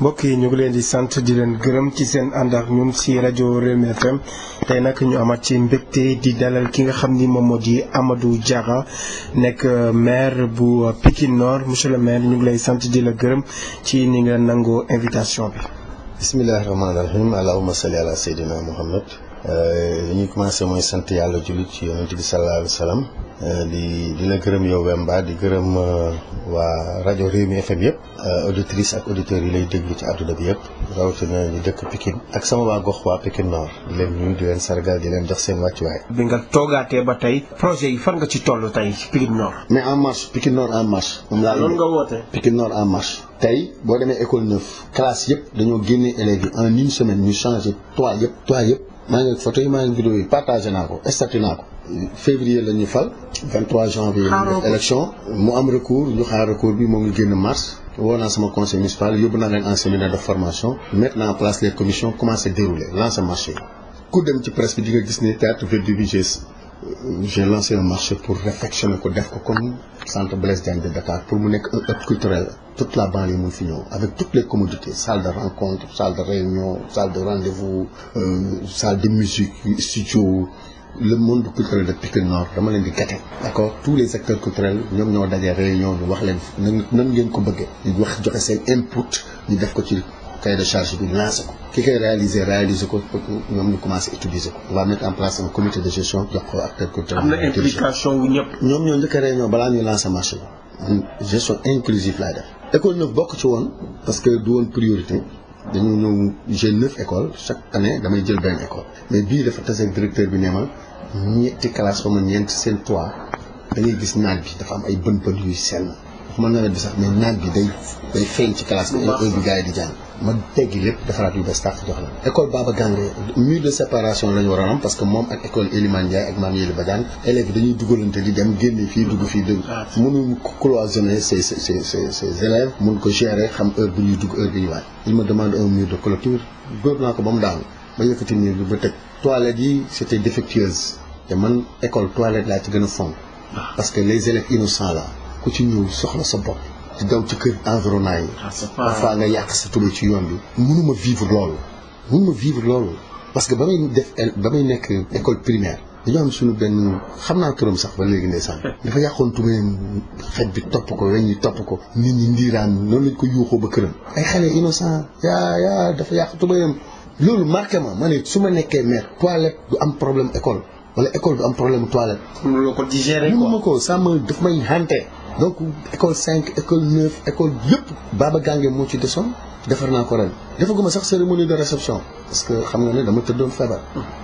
mbokk yi ñu ngi leen di sant di leen gërëm ci seen ànd ak ñun si rajo Rewmi FM tey nag ñu amat ci mbégte di dalal ki nga xam ni moom moo di Amadou Diarra nekk euh, maire bu euh, Pikine noor monsieur le maire ñu ngi lay sant di la gërëm ci ni nga nangoo invitation bi. bisimilah rahmaani rahim allahumma salli ala sayyidina muhammad euh, li ñuy commencé mooy sant yàlla jullit ci yonent bi sallallahu alayhi wa Euh, di di la gërëm yow Wemba di gërëm euh, waa rajo Rewmi FM yëpp euh, auditrice ak auditeurs yi lay déglu ci àdduna bi yëpp rawatina ñu dëkk Pikine ak sama waa gox waa Pikine Nord di leen nuyu di leen sargal di leen jox seen wàccuwaay bi nga toogaatee ba tey projet yi fan nga ci toll tey ci Nord mais en marche Pikine Nord en marche moom laa loolu en marche tey boo demee école neuf classe yëpp dañoo génne élèves yi en une semaine ñu changé trois yëpp trois yëpp maa ngi photo yi maa yi partagé naa ko statut février la ñu fal 23 janvier élection mu am recours ñu xaar recours bi moo ngi génn mars woo naa sama conseil municipal yóbbu naa leen en de formation mettre naa commencé dérouler lancer marché yi ku bi nga gis ne théâtre Verdi bi euh, j'ai lancé un marché pour réfectionner ko def ko comme centre pour mu nekk un hub culturel toute la banlieue mun fi ñëw avec toutes les commodités salle de rencontre salle de réunion euh, studio le monde culturel de Pikine Nord dama leen di gate d'accord tous les acteurs culturels ñoom ñoo dajee réunion bi wax leen nan nan ngeen ko bëggee ñu wax joxe seen input ñu def ko ci cahier de charge bi lancé ko ki koy réaliser réaliser ko ñoom ñu commencé utiliser ko on va ñoo njëkk a réunion balaa ñu lancé marché bi gestion inclusive laay def école neuf bokk ci woon parce que du woon priorité dañu ñëw j'ai neuf écoles chaque année damay jël benn école mais bii dafa tase directeur bi nee ma ñetti classe ba mu ñeent seen toit da ngay gis naan bi dafa am ay bën bën yuy senn waxuma nawet bi sax mais naaj bi day day feeñ ci classe bi heure bi gars yi di jàng ma teggi lépp defaraat yu bees tàq jox la école de séparation la ñu parce que moom ak école Elimane Ndiaye ak Mame Yéli Badiane élèves dañuy dugalante di dem génne fii dugg fii dugg ah, mënuñu cloisonner ces ces ces ces élèves mun ko gérer xam heure bi ñuy dugg heure bi ñuy waaj il me demande un mur de clôture ko ba mu ma yëkkati miir bi ba tëj toilettes yi c'était défectueuse te man école toilette laa ci gën a fonk ah. parce que les élèves innocents là ku ci ñëw soxla sa bopp di daw ci kër environnant yi ah, parfois nga yàq sa tubé yoon bi mënuma vivre loolu mënuma vivre loolu parce que ba may def ba may nekk école primaire dañoo am suñu benn xam naa turam sax ba léegi ndeysaan dafa yàqoon tubéen xet bi topp ko weñ yi topp ko nit ñi ndiiraan noonu lañ ko yuuxoo ba këram ay xale innocent yaa yaa dafa yàq tubéyam loolu marqué ma ma ne su ma nekkee maire toilette du am problème école wala école du am problème toilette. mënuloo ko di gérer quoi mënuma ko sàmm daf may hanté. école 5 école 9 école moo ci desoon defar naa ko ren defaguma sax cérémonie de réception parce que xam nga ne dama tëddoon feebar.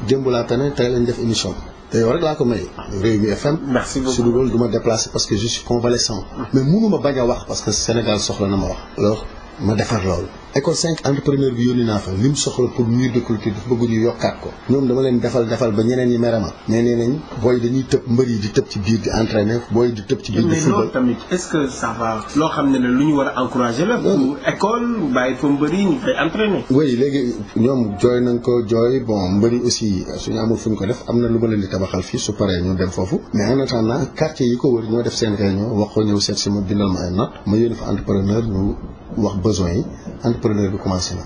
démb laa tane tey lañ def émission te yow rek laa ko may. Rewmi FM. merci beaucoup su dul loolu duma ma déplacé parce que je suis convalescent. mais mënu ma bañ a wax parce que Sénégal soxla na ma wax. alors ma defar loolu. école cinq entrepreneur bi yónni naa fa li mu soxla pour mur de clôture dafa bëgg ñu yokkaat ko ñoom dama leen defal defal ba ñeneen ñi merama ma nee nañ booy dañuy tëb mbër yi di tëb ci biir di entraîner booy di tëb ci biir di football ce que ça loo xam ne la lu ñu war a encourager la pour école bàyyi fa léegi ñoom jooy nañ ko jooy bon mbër yi aussi suñu amul fu ñu ko def am na lu ma leen di tabaxal fii su paree ñu dem foofu mais en attendant quartier yi ko wër ñoo def seen réunion wax ko ñëw seet si ma bindal ma ay note ma yónni fa entrepreneur wax besoin yi entrepreneur bi commencé na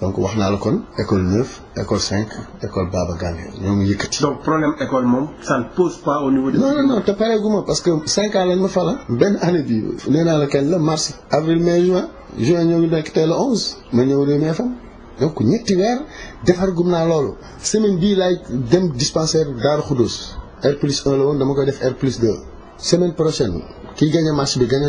donc wax naa la kon école neuf école cinq école Baba Gande ñoom yëkkati. donc problème école moom ça ne pose pas de non non non te pareeguma parce que cinq ans lañ ma fala benn année bi nee la kenn la mars avril mai juin juin ñoo ngi nekk tey la onze ma ñëw Rewmi FM donc ñetti weer defar gum naa loolu semaine bii laay dem dispensaire Darou Khoudoss R plus la woon dama koy def R plus 2 semaine prochaine kii gagné marché bi gagné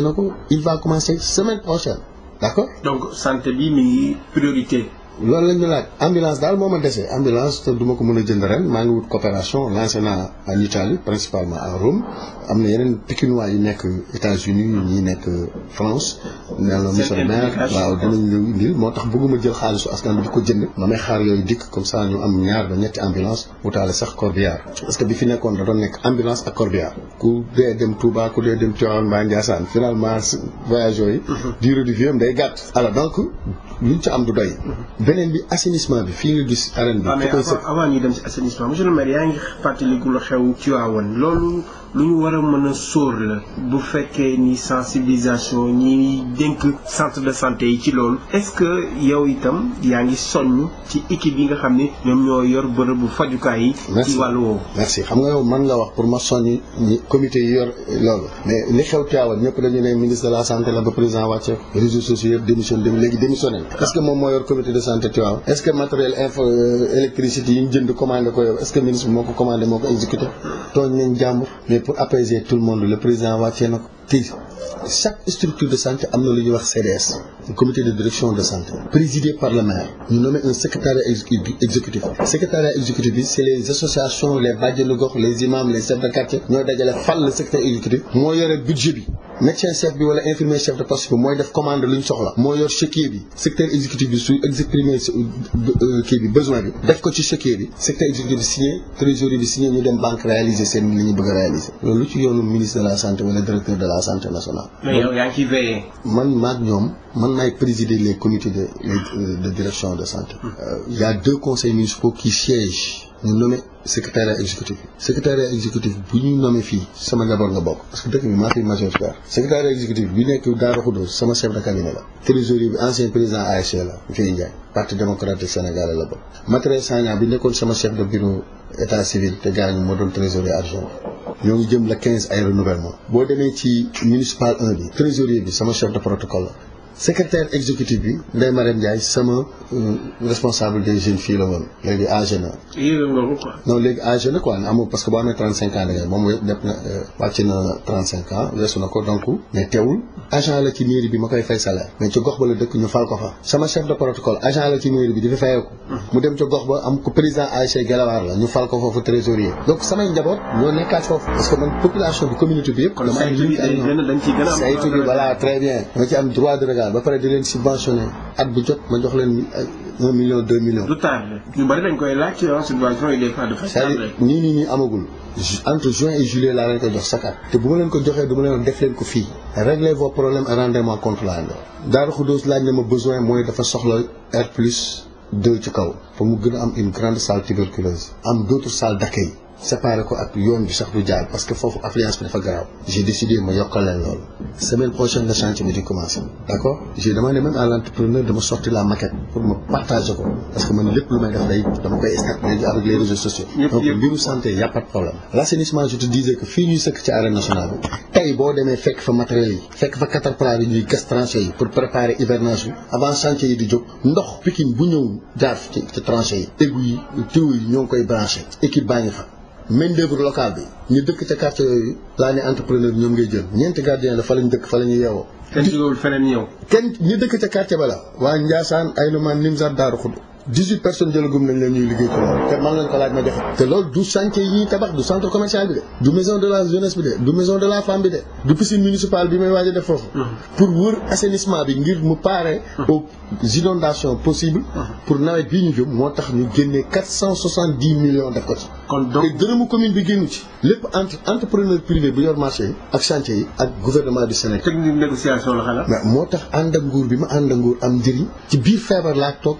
d'accord donc santé bi mi ngi priorité loolu lañ ma laaj ambulance daal moo ma desee ambulance te du ko mën a jënd ren maa ngi wut coopération lancé naa en Italie principalement à Rome am na yeneen Pikinois yu nekk États-Unis ñi nekk France nee na monsieur le maire waaw dinañ ñëw indil moo tax bëgguma jël xaalisu askan bi di ko jënd damay xaar yooyu dikk comme ça ñu am ñaar ba ñetti ambulance wutaale sax corbillard parce que bi fi nekkoon da doon nekk ambulance ak corbillard ku dee dem Touba ku dee dem Tivaouane mbaa Ndiassane finalement voyage yooyu mhm. durée de vie am day gàtt alors donc luñ ci am du doy mhm. beneen bi assainissement bi fii nga gis arène bi. foo koy sëkk dem si assainissement monsieur le maire yaa ngi fàttaliku la xew ci waawoon loolu. lu ñu war a mën a sóor la bu fekkee ni sensibilisation ñi dénk centre de santé yi ci loolu est-ce que yow itam yaa ngi soññ ci équipe yi nga xam ni ñoom ñoo yor bërëbu fajukaay yi. ci wàllu woowu. merci xam nga yow mën nga wax pour ma soññ ñi comité yi yor loolu mais li xew Tivaouane ñëpp dañu ne ministre de la santé la ba président wàcce réseaux sociaux yëpp démission dem léegi démissionné est-ce que moom moo yor comité de santé Tivaouane est-ce que euh, yi ñu jënd ko yow est-ce moo ko commandé moo ko exécuté tooñ nañ pour apaiser tout le monde le président wàccee na ko te chaque structure de santé am na lu ñuy wax CDS comité de direction de santé présidé par le maire ñu nommé un secrétariat exécutif secrétariat exécutif bi c'est les associations les bàjjenu gox les imams les chefs de quartier ñoo dajale fal le secrétaire exécutif moo yore budget bi médecin chef bi wala infirmier chef de poste bi mooy def commande lu soxla moo yor chéquier bi secteur exécutif bi su exprimer euh, kii bi besoin bi def ko ci chéquier bi secteur exécutif bi signé trésorier bi signé ñu dem banque réaliser seen li ñu bëgg a réaliser loolu ci yoonu ministre de la santé wala directeur de la santé nationale. mais yow yaa ngi man maag ñoom man maay présider les comités de euh, direction de santé. il hmm. euh, deux conseils municipaux qui siègent ñu nommé secrétariat exécutif secrétariat ñu nommé fii sama njaboot nga bokk parce que dëkk bi maa fi majoritaire secrétariat exécutif bi nekk Daara Khoudoss sama chef de cabinet la trésorier bi ancien président ASC la Ndiaye Ndiaye parti démocratique sénégalais la bokk matériel Sagna bi nekkoon sama chef de bureau état civil te gaañu moo doon trésorier adjoint ñoo ngi jëm la 15 ay renouvellement boo demee ci municipal 1 bi trésorier bi sama chef de protocole la secrétaire exécutif bi Ndeye Marème Ndiaye sama euh, responsable des jeunes filles la woon léegi âgé na. non léegi âgé na quoi amul parce que boo amee 35 ans da ngay moom def na euh, wàcc na 35 ans weesu na ko donc mais teewul agent la ci mairie bi ma koy fay salaire mais ci gox ba la dëkk ñu fal ko fa sama chef de protocole agent la ci mairie bi di fi fayeeku mu dem ca gox ba am ko président ASC Galawaar la ñu fal ko foofu trésorier donc samay njaboot ñoo nekkaat ba pare di leen subventionné at bu jot ma jox leen euh, un million deux millions. du tard ñu bari dañ koy laaj subvention yi des fois nii nii nii amagul entre juin et juillet laa leen koy jox sakat te bu ma leen ko joxee du ma leen def leen ko fii. réglez vos problèmes et rendez-moi compte laa indi. Daaru Xuddoos laaj na ma besoin mooy dafa soxla R plus deux ci kaw. pour mu gën a am une grande salle tuberculose. am d'autres salles yi séparé ko ak yoon bi sax du jaar parce que foofu affluence bi dafa garaaw j'ai décidé ma yokkal loolu semaine prochaine la chantier bi di commencé d' accord j'ai demandé même à l' entrepreneur de me sortir la maquette pour ma partager ko parce que man lépp lu may def day dama koy extrapoler avec les réseaux sociaux donc mbiru santé y a pas problème l' assainissement je te disais que fii ñuy sëkk ci arène nationale bi boo demee fekk fa matériels yi fekk koy branché équipe baa ngi fa main-d'œuvre locale bi ñu dëkk ca quartier yooyu laa ne entrepreneur ñoom ngay jël ñeenti gardien la fa lañ dëkk fa la ñu yeewoo. kenn jógewul feneen ñëw. kenn ñu dëkk ca quartier ba la waa Ndiassane Ainoumane Nimzatt Darou Khoudoss 18 personne jëlagum nañ leen ñuy liggéey ko loolu te man lañ ko laaj ma joxe te loolu du chantier yi ñuy tabax du centre commercial bi de du maison de la jeunesse bi de du maison de la femme bi de du piscine municipale bi may waaj def foofu ah. pour wër assainissement bi ngir mu parer ah. aux inondations possibles ah. pour nawet bii ñu jëm moo tax ñu génnee 470 millions def ko ci kon donc te dërëmu commune bi génnu ci lépp entre entrepreneur privé bu yor marché yi ak chantier yi ak gouvernement du Sénégal technique négociation moo tax ànd ak bi ma ànd ak nguur am njëriñ ci biir feebar laa toog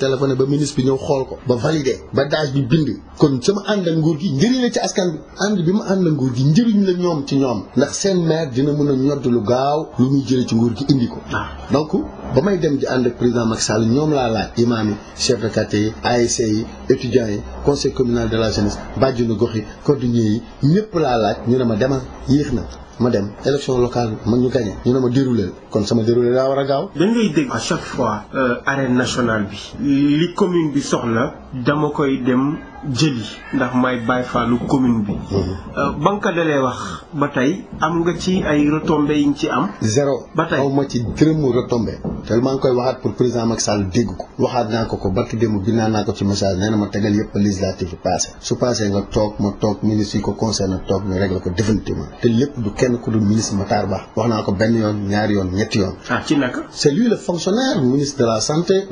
téléphoné ba ministre bi ñëw xool ko ba validé ba daaj bi bind kon sama ànd ak nguur gi njëriñ la ci askan bi ànd bi ma ànd ak nguur gi njëriñ la ñoom ci ñoom ndax seen maire dina mën a ñodd lu gaaw lu muy jëlee ci nguur gi indi ko ah. donc ba may dem di ànd ak président Macky Sall ñoom laa laaj imaam yi chef de quartier yi ASC yi étudiants yi conseil communal de la jeunesse bàjjenu gox yi cordonnier yi ñëpp laa laaj ñu ne ma demal yéex na ma dem élection locale ma ñu gagné ñu ne ma déroulé kon sama déroulé laa war a gaaw. dañ ngay chaque fois. Euh, arène nationale bi. li commune bi soxla dama koy dem. jëli ndax may Baye Fallu commune bi. Mhm. Euh, ba nga ko dalee wax ba tey am nga ci ay retombées yi ñu ci am. zéro ba tey ma ci dërëmu retombé te maa ngi koy waxaat pour président Macky Sall dégg ko. waxaat naa ko ko barki démb bi naan naa ko ci message nee na ma tegal yëpp législative yi passé su passé nga toog ma toog ministre yi ko concerne toog ñu réglé ko définitivement te lépp du kenn ku dul ministre Matar Ba wax naa ko benn yoon ñaari yoon ñetti yoon. ah la santé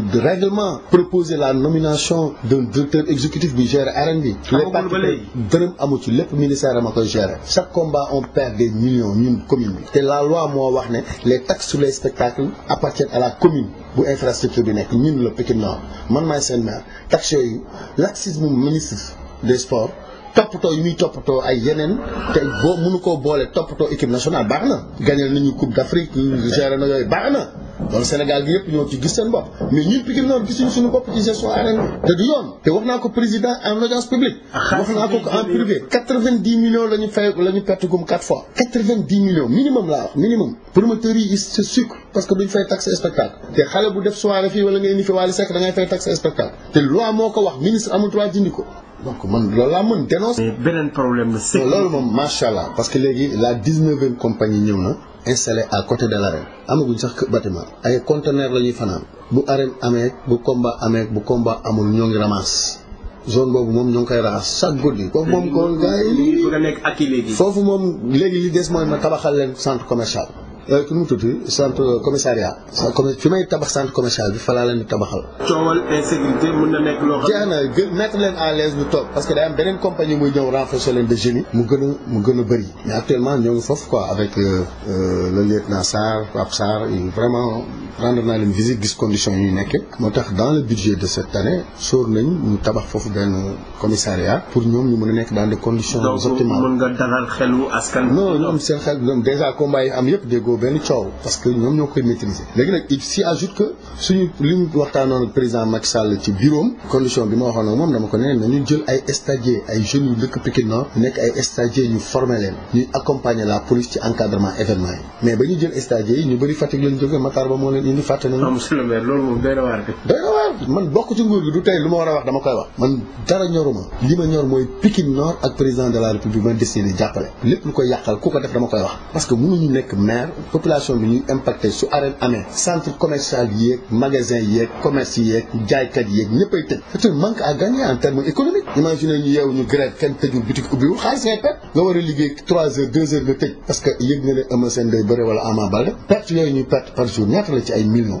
de règlement proposer la nomination d'un directeur exécutif bi gérer arène bi les partis dërëm ci lépp ministère ama koy gérer chaque combat on perd des millions ñun commune bi te la loi moo wax ne le taxes sur les spectacles appartiennent à la commune bu infrastructure bi nekk ñun la Pikine Nord man maay seen maire taxe yooyu laxisme ministre des sports toppatoo yi muy toppatoo ay yeneen te boo mënu koo boole toppatoo équipe nationale baax na gañal nañu coupe d'Afrique na yooyu baax na loolu Sénégal gi yëpp ñoo ci gis seen bopp mais ñun Pikine noonu gisuñu suñu bopp ci gestion arène bi du yoon te wax naa ko président en audience publique ah, wax naa ko en privé quatre-vingt-dix millions la ñu fay la ñu perte gum quatre fois quatre-vingt-dix millions minimum laa wax minimum promoteurs yi c'est sucre parce que duñ fay taxe spectacle te xale bu def soirée fii wala nga indi fi Wally Seck da fay taxe spectacle te loi moo ko wax ministre installé à côté de l'arène amaguñ sax bâtiment ay conteneur la ñuy fanaan bu arène amee bu combat amee bu combat amul ñoo ngi ramasse zone boobu moom ñoo ngi koy raxas chaque guddi foofu moom kon gars foofu moom léegi li des mooy ma tabaxal leen centre commercial Euh, ku mu tudd sant euh, commissariat. commi fi may tabax centre commercial bi falaa laa leen di tabaxal. coowal insécurité mën na nekk loo xam. jeex na gën mettre leen à l'aise ñu parce que day am beneen compagnie muy ñëw renforcer leen mu gën a mu gën a bëri. mais actuellement ñoo ngi foofu quoi avec euh, le lieutenant Sarr Pape Sarr vraiment rendre naa leen visite gis conditions yi ñu moo tax dans le budget de cette année sóor nañ ñu tabax foofu benn commissariat pour ñoom ñu mun a nekk dans des conditions. optimales donc mën nga dalal xelu askan. non ñu am seen xel déjà combat yi am yëpp déggoo déggoo benn coow parce que ñoom ñoo koy maîtriser léegi nag il s'y ajoute que suñu li waxtaanoon ak président Macky ci bureau condition bi ma waxoon ak moom dama ko ne nañu jël ay stagiaires ay jeunes dëkk Pikine Nord nekk ay stagiaires ñu former leen ñuy accompagner la police ci encadrement événement yi mais ba ñu jël stagiaires yi ñu bëri Fatick lañ jógee Matar ba moo leen indi fàtte nañu. monsieur le maire loolu moom doy na waar grave man bokk ci nguur gi du tey lu ma war a wax dama koy wax man dara ñoruma li ma ñor mooy Pikine Nord ak président de la République ma décidé jàppale lépp lu koy yàqal ku ko def dama koy wax parce que mënuñu nekk maire population bi ñuy impacté su arène amee centre commercial yeeg magasin yeeg commerce yeeg jaaykat yeeg ñëppay tëj c'est manque à gagner en termes économiques imaginez ñu ñu grève kenn tëjul boutique ubbiwul xaalis ngay perte nga war a liggéey ay millions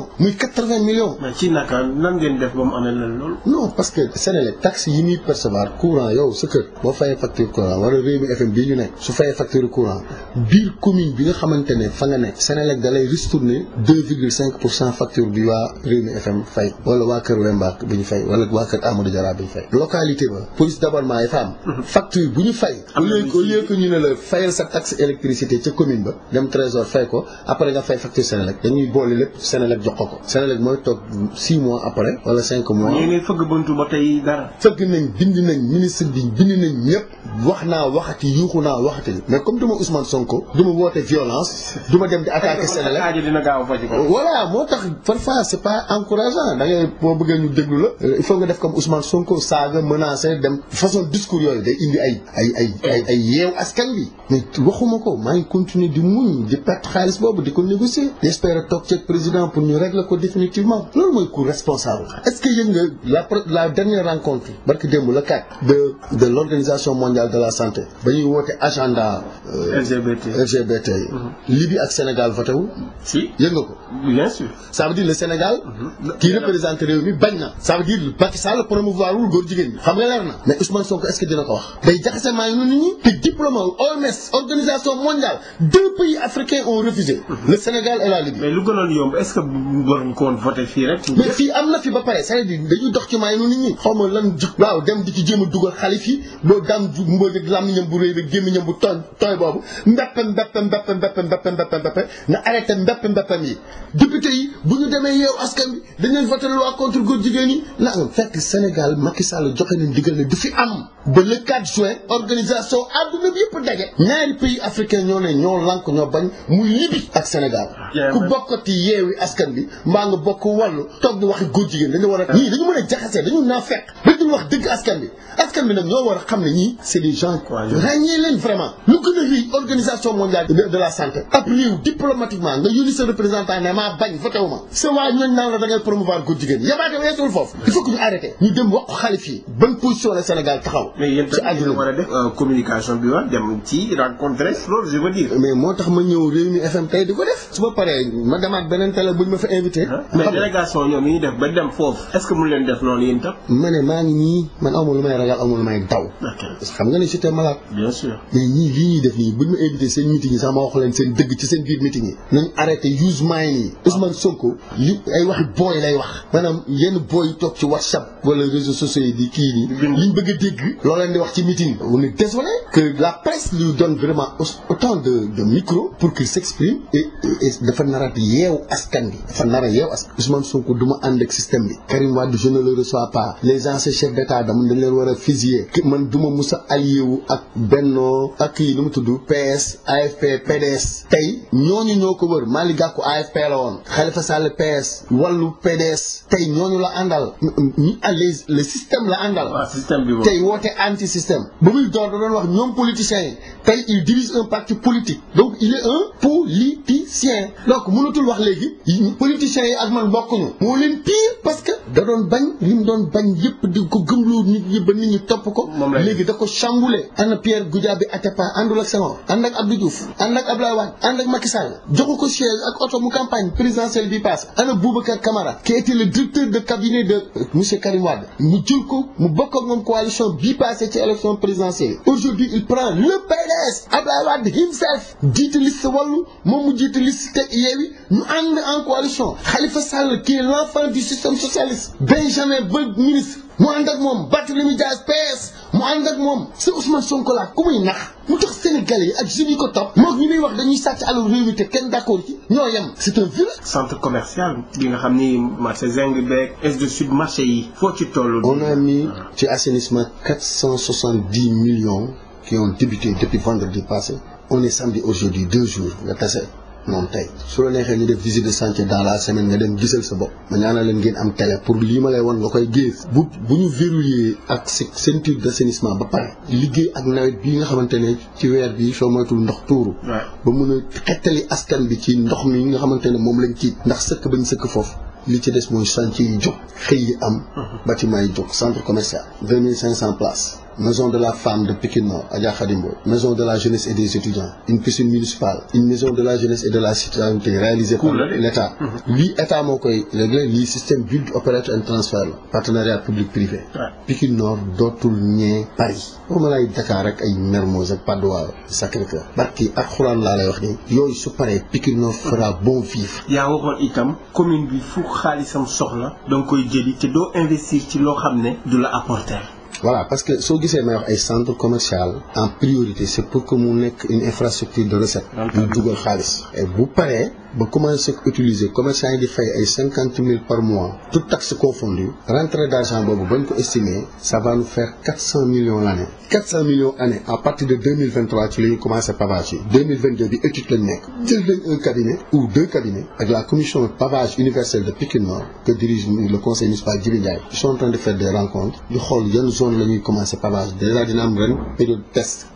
millions muy quatre-vingts millions. mais ci non parce que Sénégal yi muy percevoir courant yow sa kër boo fayee facture courant wala Rewmi FM bii ñu nekk su fayee facture courant biir commune bi nga xamante ne fa nga nekk Sénégal da lay ristourner deux virgule cinq pour cent facture bi waa Rewmi FM fay wala waa kër Wemba bi ñu fay wala waa kër Amadou Diarra bi ñu fay. localité ba police d'abonnement yi fa am. Mhm. facture bu ñu fay. am na ñu ne la fayal sa taxe électricité ca commune ba dem trésor fay ko jox ko ko Senelec mooy toog 6 mois après wala 5 mois. ñu ngi fëgg buntu ba tey dara. fëgg nañ bind nañ ministre bi bind nañ ñëpp wax naa waxati yuuxu naa waxati mais comme duma Ousmane Sonko moo tax parfois da ngay boo bëggee euh, façon discours yooyu day indi ay ay ay yeew askan bi waxuma ko maa ngi continuer di muñ di perte xaalis boobu di ko négocier j'espère toog ci président pour ñu régler ko définitivement loolu mooy cour responsable est-ce que yëg la la dernière rencontre barki démb la kat de de l'organisation mondiale de la santé ba ñuy woote agenda euh, LGBT LGBT mm-hmm. Libye ak Sénégal voté wu si yëg nga ko bien sûr ça veut dire le Sénégal kii mm-hmm. représente réew mi bañ na ça veut dire Macky Sall promouvoir wul góor jigéen ñi xam leer na mais Ousmane Sonko est-ce que dina ko wax day jaxase maa ngi nit ñi te diplôme OMS organisation mondiale deux pays africains ont refusé mm-hmm. le Sénégal lu gënoon waroon ko woon voté fii mais fii am na fi ba pare c'est-à-dire dañuy dox ci maay nu nit ñi. xaw ma lan jug waaw dem di ci jéem a dugal xalif yi loolu daan ju mbóol rek bu rëy rek gémmiñam bu tooy tooy boobu mbeppe mbeppe mbeppe mbeppe mbeppe mbeppe mbeppe na arrêté mbeppe mbeppam yi. député yi bu ñu demee yeewu askan bi dañ leen voté loi contre góor jigéen yi. na fekk Sénégal Macky Sall joxe nañ digal ne du fi am. ba le 4 juin organisation àdduna bi yëpp daje. ñaari pays africain ñoo ne ñoo lànk ñoo bañ mu Libi ak Sénégal. ku bokkati yeewi askan bi mbaa nga bokk wàllu toog di waxi góor jigéen dañu war a. ñii dañu mën a jaxasee dañu naa fekk. ba duñ wax dëgg askan bi askan bi nag ñoo war a xam ne ñii c'est des gens. ràññee leen vraiment. lu gën a rëy organisation mondiale de la santé. ab réew diplomatiquement nga yónni sa représentant ne maa bañ voté wu ñu arrêté ñu dem wax taxaw taxaw. mais yéen tamit war a euh, bi waa dem ci rencontre mais moo tax ma ñëw Rewmi FM tey di ko def. su ma paree ma demaat beneen télé buñ ma fa invité. Ah, mais délégation ñoom yi ñu def dem foofu est-ce que mu leen def loolu yéen tam. ma ne maa ngi nii man amul lu may ragal amul lu may daw. xam nga ne j'étais malade. bien mais ñii lii ñuy def nii buñ ma invité seen meeting yi sax ma wax leen seen dëgg ci seen biir meeting yi. nañ arrêté use mine yi. Ousmane Sonko li ay waxi booy lay wax. maanaam yenn booy toog ci WhatsApp wala réseaux sociaux yi di kii nii. liñ bëgg a dégg loolu leen di wax ci meeting. on est désolé que la presse lui donne vraiment autant de de micro pour qu'il s'exprime dafa nara a yeewu askan bi dafa nar a yeewu askan Ousmane Sonko du ma ànd ak système bi Karim Wade je ne le reçois pas les anciens chefs d'état dama dañ leen war a fusiller man du ma musa allié wu ak Benno ak yi nu mu tudd PS AFP PDS tey ñooñu ñoo ko wër Malick Gakou AFP la woon Khalifa Sall PS wallu PDS tey ñooñu la àndal ñu les le système la àndal tey est anti-système ba muy door da doon wax ñoom politiciens yi tey il divise un parti politique donc il est un politicien donc mënatul wax léegi politiciens yi ak man bokkuñu moo leen pire parce que da doon bañ li mu doon bañ yëpp di ko gëmloo nit ñi ba nit ñi topp ko léegi da ko chamboulé ana Pierre Goudiaby Atepa àndul ak Senghor ànd ak Abdou Diouf ànd ak Abdoulaye Wade ànd ak Macky joxu ko siège ak oto mu campagne présidentielle bi paase ana Boubacar Camara qui était euh, ko mu bokk ak passé ci élection présidentielle aujourd'hui il prend le PDS Abdoulaye Wade himself jiite liste Wallu moom mu jiite liste Yewwi ñu ànd en coalition Khalifa Sall qui est l'enfant du système socialiste Benjamin Bâ ministre mu ànd ak moom Barthélémy Dias PS mu ànd ak moom si Ousmane Sonko laa ku muy nax mu tax Sénégalais yi ak jeunes yi ko topp moom ñu muy wax dañuy sàcc alal réew mi ci ñoo yem c'est un vilain centre commercial bi nga xam ni marché Zeng beeg est de sud marché yi foo ci toll ci assainissement quatre cent soixante-dix millions qui ont débuté depuis vendredi passé on est samedi aujourd'hui deux jours nga tase moom tey su la neexee ñu def visite de sance dans la semaine nga dem gisal sa bopp ma ñaanal leen ngeen am télé pour lii ma lay wan nga koy gées bu bu ñu verrouillé ak de d'assainissement ba pare liggéey ak nawet bii nga xamante ne ci weer bi soo moytul ndox tuuru ba mun a xettali askan bi ci ndox mi nga xamante ne moom lañ ci ndax sëkk bañ sëkk foofu li ci des mooy chantier yi jóg xëy yi am bâtiment yi jóg centre commercial deux mille cent places maison de la femme de Pikine Nord Adja maison de la jeunesse et des étudiants une piscine municipale une maison de la jeunesse et de la citoyenneté réalisée par l'État mhm. lii état moo koy réglé lii système build operate and transfer la partenariat public privé Pikine Nord dootul ñee Paris waxuma laay Dakar ak ay Mermoz ak Patte d'Oie sacré ak xuraan laa lay wax ni yooyu su paree Pikine Nord fera mhm. bon vivre yaa waxoon itam commune bi fu xaalisam soxla danga koy jëli te doo ci loo xam ne du la apporter voilà parce que soo gisee may wax ay centre commercial en priorité c'est pour que mu nekk une infrastructure de recette. yu dugal xaalis. bu pare ba commencé utiliser commerçant yi di fay ay mille par mois toute taxe confondue rentrée d' boobu bañ ko estimer sa va nous faire quatre cent millions l' millions année à partir de deux mille vingt trois ci la ñu commencé pavage yi deux mille bi étude lañ nekk jël nañ un cabinet ou deux cabinets ak la commission pavage universelle de Pikine Nord que dirige le conseil municipal Djibi Ndiaye ils train de faire des rencontres ñu xool yan zone la ñuy commencé pavage déjà dina am ren période test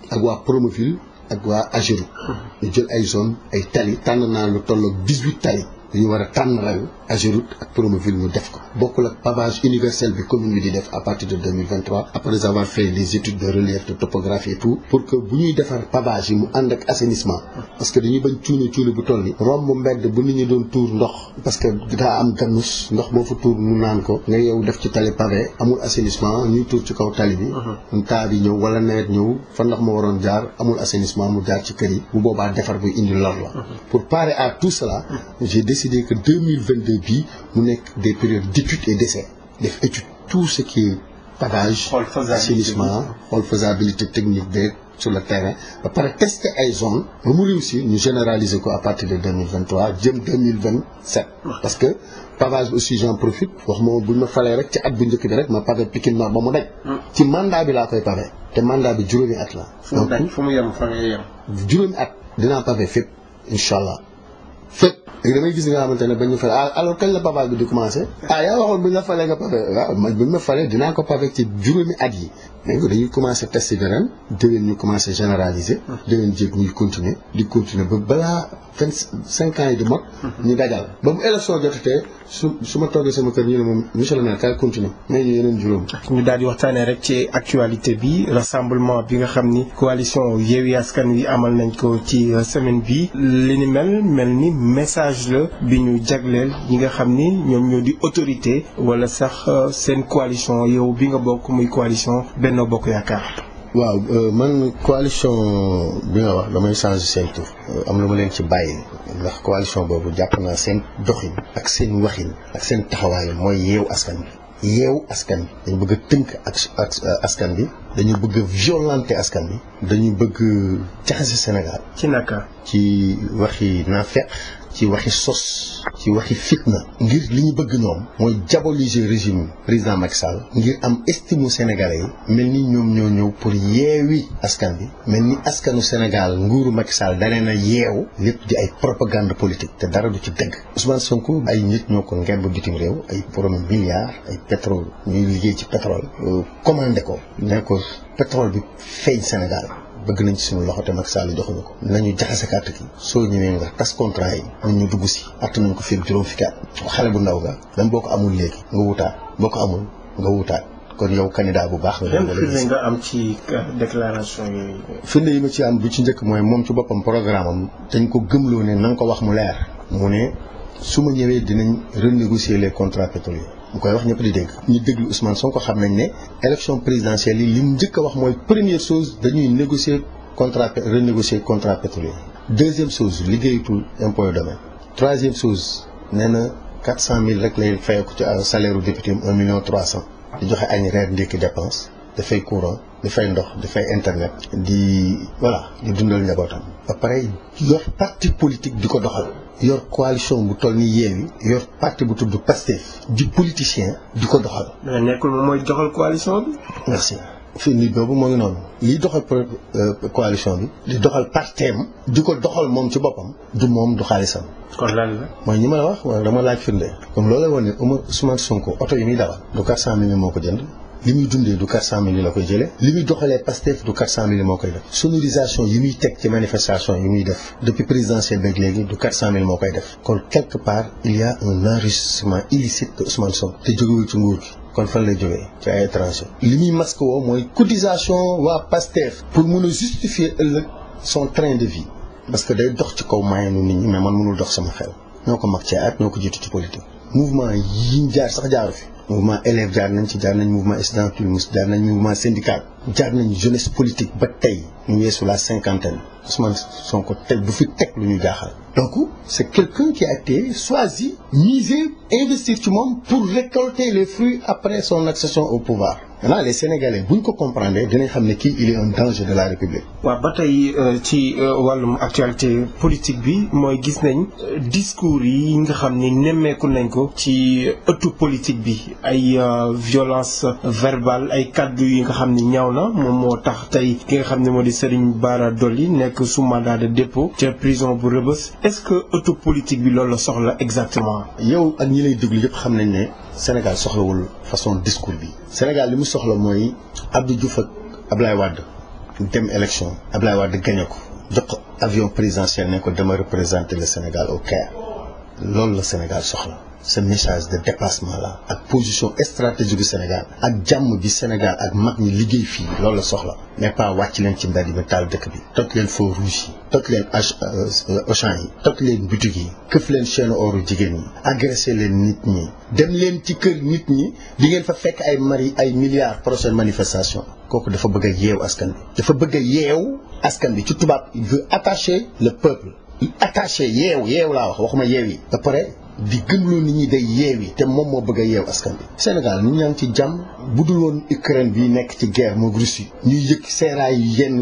ak waa AGEROUTE hmm. ñu jël ay zone ay tali tànn naa lu toll dis dix-huit tali dañu war a tànn rayu Ageroute ak Promoville ñu def ko bokkul ak pavage universel bi commune bi di def après avoir fait les études de relief de topographie et tout pour que bu ñuy defar pavage yi mu ànd ak assainissement parce que dañuy bañ cuuni cuuni bu toll ni romb mbedd bu nit ñi doon tuur ndox parce que am ganus ndox boo fa tuur mu naan ko nga yow def ci tali pavé amul assainissement ñuy tuur ci kaw tali bi uh-huh. taar yi ñëw wala nawet ñëw fa ndox ma waroon jaar amul mu jaar ci kër bu boobaa defar buy indi lor période bii mu nekk des périodes d'études et d'essais def étude tout ce qui est padage assainissement xool faisabilité technique beeg sur le terrain ba pare tester ay zone ba mu réussir ñu généraliser ko à partir de 2023 jëm 2027 parce que pavage aussi j'en profite wax moom buñ ma falee rek ci at bu njëkk bi rek ma pavé Pikine Nord ba mu daj ci mandat bi laa koy pavé te mandat bi juróomi at la donc juróomi at dina pavé fépp incha allah léegi damay gis nga ne bañ ñu fale ah, alors kañ la pavage bi di commencé ah yaa waxoon buñ la falee nga pavé waaw man at yi mais ñu commencé généraliser déwén ba balaa vingt cinq ans yi su su ma toogee sama kër ñu ne moom monsieur le maire kaay continuer mais ñu yeneen juróom ñu daal waxtaanee rek ci actualité bi rassemblement bi nga xam ni coalition Yewwi Askan Wi amal nañ ko ci euh, semaine bi li ni mel mel ni message message bi ñu jagleel ñi nga xam ni ñoom ñoo di autorité wala sax euh, seen coalition yow bi nga bokk muy coalition Benno Bokk Yaakaar. waaw euh, man coalition bi nga wax damay changer seen tur euh, am lu ma leen ci bàyyi ndax coalition boobu jàpp naa seen doxin ak seen waxin ak seen taxawaay mooy yeewu askan bi yeewu askan bi dañu bëgg a tënk ak askan bi dañu bëgg a askan bi dañu bëgg jaxase Sénégal ci naka ci waxi naa feq ci waxi sos ci waxi fitna ngir li ñu bëgg ñoom mooy diaboliser régime président Macky Sall ngir am estime sénégalais yi mel ni ñoom ñoo ñëw pour yeewi askan bi mel ni askanu Sénégal nguuru Macky Sall danee na yeewu lépp di ay propagande politique te dara du ci dëgg Ousmane Sonko ay nit ñoo ko ngemb bitim réew ay promis milliards ay pétrole ñuy liggéey ci pétrole euh, commandé ko ne ko pétrole bi feeñ Sénégal bëgg nañ ci suñu loxo te Macky Sall joxuñu ko nañu jaxase carte gi soo ñëwee nga tas contrat yi ñun ñu dugg si at nañ ko fii juróom fukki at xale bu ndaw nga même boo ko amul léegi nga wutaat boo ko amul nga wutaat kon yow candidat bu baax la. firnde nga am ci déclaration yooyu. firnde yi ma ci am bu ci njëkk mooy moom ci boppam programme am dañ ko gëmloo ne nanga ko wax mu leer mu ne su ma ñëwee dinañ renégocier les contrats pétroliers mu koy wax ñëpp di dégg ñu déglu soo ko xam nañ ne élection présidentielle yi li mu njëkk a wax mooy première chose dañuy négocier contrat renégocier contrat pétrolier deuxième chose liggéeyatul impôt domaine troisième chose nee na quatre cent mille rek lay fayeeku ci euh, salaire u député un million trois di joxe añ reer ndékki dépense dafay courant di fay ndox di fay internet di voilà di dundal njabootam ba pare yor parti politique di ko doxal yor coalition bu toll ni Yewwi yor parti bu tudd Pastef di politicien di ko doxal mais nekkul moom mooy doxal coalition bi merci fii nit boobu moo ngi noonu liy doxal euh, coalition bi di doxal parteem di ko doxal moom ci boppam du moom du xaalisam kon lan la mooy ñi ma la wax wala dama laaj firnde comme loolu la woon ne Ousmane Sonko oto yi muy dawal du quatre cent millions moo ko jënd li muy dundee du 400000 yi la koy jëlee li muy doxalee Pastef du 400000 moo koy def sonorisation yi muy teg ci manifestation yi muy def depuis présidentielle beeg léegi du 400000 moo koy def kon quelque part il y a un enrichissement illicite de Ousmane Sonko te jógewul ci nguur gi kon fan la jógee ci ay étranger li muy masque woo mooy cotisation waa Pastef pour mun a justifier ëllëg son train de vie parce que day dox ci kaw maayanu nit ñi mais man mënul dox sama xel ñoo ko mag ci ñoo ko jiitu ci politique mouvement yi jaar sax jaaru fi mouvement élève jaar nañ ci jaar nañ mouvement étudiantil mus jaar nañ mouvement syndical jaar nañu jeunesse politique ba tey ñu weesu la cinquantaine Ousmane Sonko teg bu fi teg lu ñu jaaxal. donc c'est quelqu'un qui a été choisi misé investir ci moom pour récolter les fruits après son accession au pouvoir. maintenant les sénégalais bu ñu ko comprendre dinañ xam ne kii il est un danger de la république. waaw ba tey euh, ci euh, wàllum actualité politique bi mooy gis nañ euh, discours yi nga xam ni nemmeeku nañ ko ci ëttu politique bi ay violence verbale ay kaddu yi nga xam ni ñaaw na moom moo tax tey ki nga xam ne moo di Serigne Bara Dolly nekk su mandat de dépôt ca prison bu Rebeuss est-ce que ëttu bi loolu la soxla exactement. yow ak ñi lay déglu yëpp xam nañ ne Sénégal soxlawul façon discours bi Sénégal li mu soxla mooy Abdou Diouf ak Ablaye Wade dem élection Ablaye Wade gagné ko jox ko avion présidentiel ne ko dama représenter le Sénégal au Caire loolu la Sénégal soxla. ce message de dépassement là ak position stratégique du Sénégal ak jàmm bi Sénégal ak mag ñi liggéey fii loolu la soxla mais pas wàcc leen ci mbedd mi taal dëkk bi toj leen feu rouge yi toj leen euh, Auchan yi toj leen boutique yi këf leen chaîne oru jigéen ñi agressé leen nit ñi dem leen ci kër nit ñi di ngeen fa fekk ay mari ay milliards prochaine manifestation kooku dafa bëgg yeew askan bi dafa bëgg a yeew askan bi ci tubaab il veut le peuple attacher yeew yeew laa wax waxuma di gëmloo nit ñi day yeewi te moom moo bëgg a yeew askan bi Sénégal ñu ñaa ngi ci jàmm bu dul woon Ukraine bi nekk ci guerre moog Russie ñuy yëg seeraay yu yenn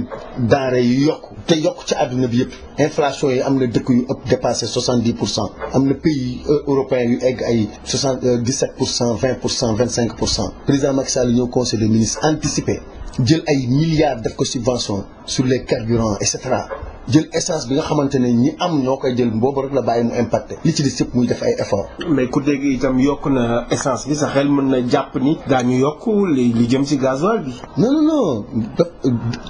denrée yi yokk te yokk ci àdduna bi yëpp inflation yi am na dëkk yu ëpp dépassé soixante dix pour cent am na pays euh, européens yu egg ay soixante euh, dix sept pour cent vingt pour cent vingt cinq pour cent président Macky Sall ñëw conseil des ministres anticipé jël ay milliards def ko subvention sur les carburants et cetera jël essence bi nga xamante ne ñi am ñoo koy jël boobu rek la bàyyi mu impacté li ci des yëpp muy def ay effort mais ku dégg itam yokk na essence bi sax xel mën na jàpp ni daañu yokk li jëm si gasoil bi non non non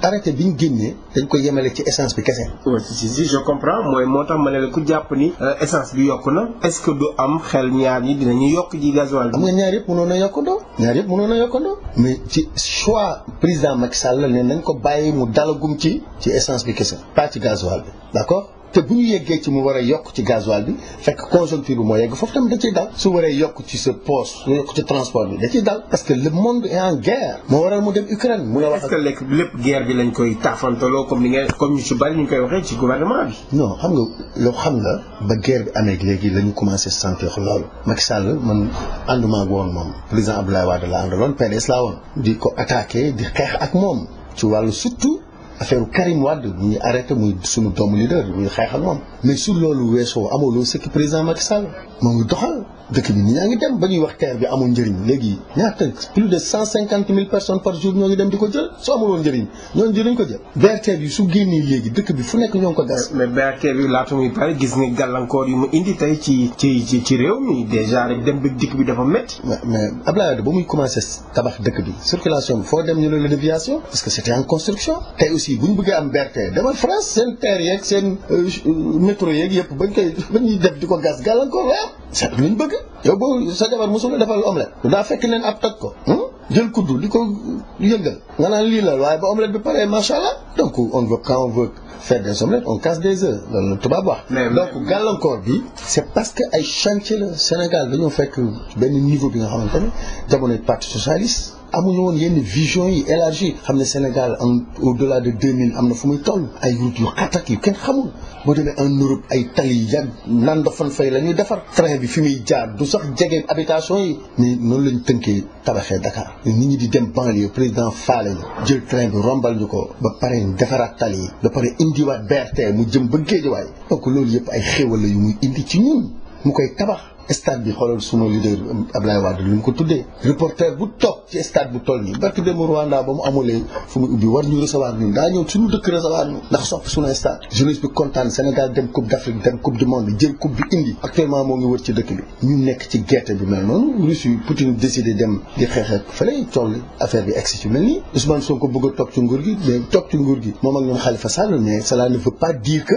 arrêté bi ñu génnee dañ ko yemale ci essence bi kese. oui si si je comprends mooy moo tax ma ne ku jàpp ni euh, essence bi yokk na est-ce que du am xel ñaar ñi ñu yokk ji gasoil bi. am nga ñaar yëpp mënoon a yokkandoo ñaar yëpp mënoon a yokkandoo mais ci choix président Macky Sall la ne nañ ko bàyyi mu dalagum ci ci essence bi kese pas ci gasoil bi d'accord. te bu ñu yeggee ci mu war a yokk ci gasoil bi fekk conjoncture bi moo yegg foofu tamit da ciy dal su waree yokk ci sa poche mu yokk ci transport bi da ciy dal parce que le monde est en guerre moo waral mu dem Ukraine mu la wax est-ce lekk lépp guerre bi lañ koy taafantaloo comme ni ngeen comme ñu si bari ñu koy waxee ci gouvernement bi non xam nga loo xam nga ba guerre bi amee léegi la ñu commencé sentir loolu Macky Sall man ànduma ak woon moom président Abdoulaye Wade la àndaloon PDS laa woon di ko attaqué di ak moom ci wàllu surtout affaire Karim Wade bu ñu arrêté muy suñu doomu leader bu ñu xeexal moom mais su loolu weesoo amuloo ce que président Macky Sall moo ngi doxal dëkk bi nii ñaa ngi dem ba ñuy wax terre bi amul njëriñ léegi ñaata plus de cent cinquante mille personnes par jour ñoo ngi dem di ko jël soo amul woon njëriñ ñoo njëriñ ko jël dëkk bi fu nekk ñoo ko gas mais BRT bi nga yu mu indi tey ci ci ci réew mi dem bi dëkk bi dafa métti mais Abdoulaye Wade ba muy commencé tabax dëkk bi circulation foo dem ñu ne la déviation parce que c'était en construction tey aussi bu ñu bëggee am BRT demal France seen terre yeeg seen euh, euh, métro yeeg yëpp bañ koy bañuy def di ko gas gàllankoor ah, la bëgg yow boo sa jabar mosul la defal omelette daa fekk neen ab toj ko hmm? jël kuddu di ko yëngal nga naan lii la waaye ba omelette bi pare macha allah donc on veut quand on veut faire des omelettes on casse des œufs loolu la tubaab wax. donc gàllankoor bi. c'est parce que ay chantier la Sénégal dañoo fekk benn niveau bi nga xamante ne jamonoy parti socialiste. amuñu woon yenn vision yi élargie xam ne Sénégal en au delà de 2000 am na fu muy toll ay route yu xatak yu kenn xamul boo demee en Europe ay tali yi yàgg naan da fan fay la ñuy defar train bi fi muy jaar du sax jege habitation yi mais noonu lañ tënkee tabaxee Dakar nit ñi di dem banlieue président faale ñu jël train bi rombal ñu ko ba pare defaraat tali yi ba pare indiwaat BRT mu jëm ba Géejawaay donc loolu yëpp ay xéwal la yu muy indi ci ñun mu koy tabax stade bi xoolal suma leader Ablaye Wade lu mu ko tuddee reporter bu toog ci stade bu toll nii barki dem Rwanda ba mu amulee fu mu ubbi war ñu recevoir ñun daa ñëw suñu dëkk recevoir ñu ndax sopp suñu stade jeunesse bi kontaan Sénégal dem coupe d'Afrique dem coupe du monde jël coupe bi indi actuellement moo ngi wër ci dëkk bi ñu nekk ci gerte bi mel noonu Russie Poutine décidé dem di xeex ak fële toll affaire bi egsi ci mel nii Ousmane Sonko bëgg a toog ci nguur gi mais toog ci nguur gi moom ak ñoom Khalifa Sall mais cela ne veut pas dire que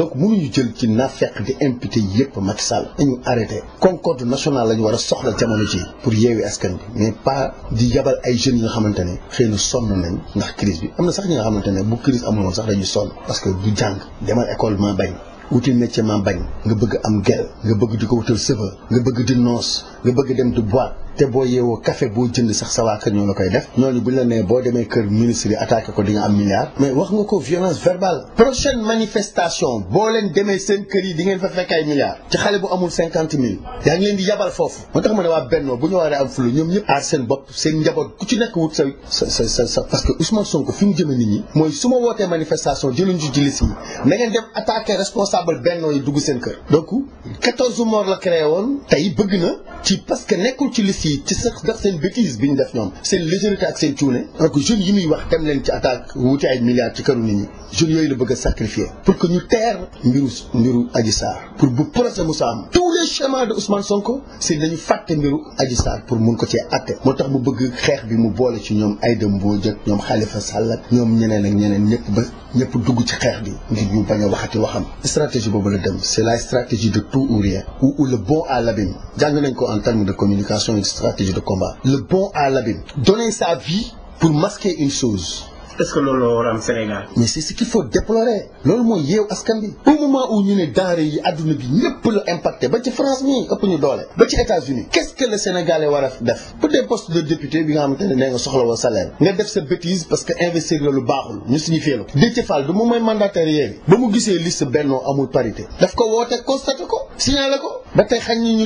donc mënuñu jël ci naafeq di imputé yëpp Macky Sall dañu arrêté concorde nationale la ñu war a soxla jamono ci pour yeewi askan bi mais pas di yabal ay jeunes yi nga xamante ne xëy na sonn nañ ndax crise bi am na sax ñi nga xamante ne bu crise amul woon sax dañuy sonn parce que du jàng demal école maa bañ wuti métier maa bañ nga bëgg am gel nga bëgg di ko wutal sëfa nga bëgg di noos nga bëgg dem du boîte te boo yeewoo café boo jënd sax sa waa kër ñoo la koy def ñooñu bu ñu la nee boo demee kër ministre yi ko di am milliard mais wax nga ko violence verbale prochaine manifestation boo leen demee seen kër yi di ngeen fa fekk ay milliards ci xale bu amul cinquante mille yaa ngi leen di yabal foofu moo tax ma ne waa bennoo bu ñu waree am fulu ñoom ñëpp aar seen bopp seen njaboot ku ci nekk wut sa sa sa sa parce que Ousmane fi mu jëme nit ñi mooy su ma wootee manifestation jëluñ ci jilis yi na ngeen dem attaqué responsable bennoo woon tey bëgg na ci parce que nekkul kii ci sax ndax seen bêtise bi ñu def ñoom seen légèreté ak seen cuune donc jeunes yi muy wax dem leen ci attaque wuti ay milliards ci këru nit ñi jeunes yooyu la bëgg a sacrifier pour que ñu teer mbiru mbiru Adji Sarr pour bu procès mu sa am tous les schémas de Ousmane Sonko c'est nañu fàtte mbiru Adji Sarr pour mun ko ci atte moo tax mu bëgg xeex bi mu boole ci ñoom ay Aïda boo ak ñoom Khalifa Sall ak ñoom ñeneen ak ñeneen ñëpp ba ñëpp dugg ci xeex bi ngir ñu bañ a waxati waxam stratégie boobu dem c'est la stratégie de tout ou jàng nañ ko en termes de communication stratégie de combat. Le bon à l'abîme. Donner sa vie pour masquer une chose. est-ce que loolu la war a am Sénégal. mais c'est ce qu'il faut déplorer loolu mooy yeew askan bi au moment où ñu ne denrée yi adduna bi ñëpp la impacté ba ci France mii ëpp ñu doole ba ci États-Unis qu'est-ce que le Sénégalais war a def pour des de député bi nga xamante ne nee nga soxla woo salaire nga def sa bêtise parce que investir la lu baaxul ñu signifié la ko Déthié Fall du mu may mandataire yéegi ba mu gisee liste Benno amul parité daf ko woote constaté ko signalé ko ba tamit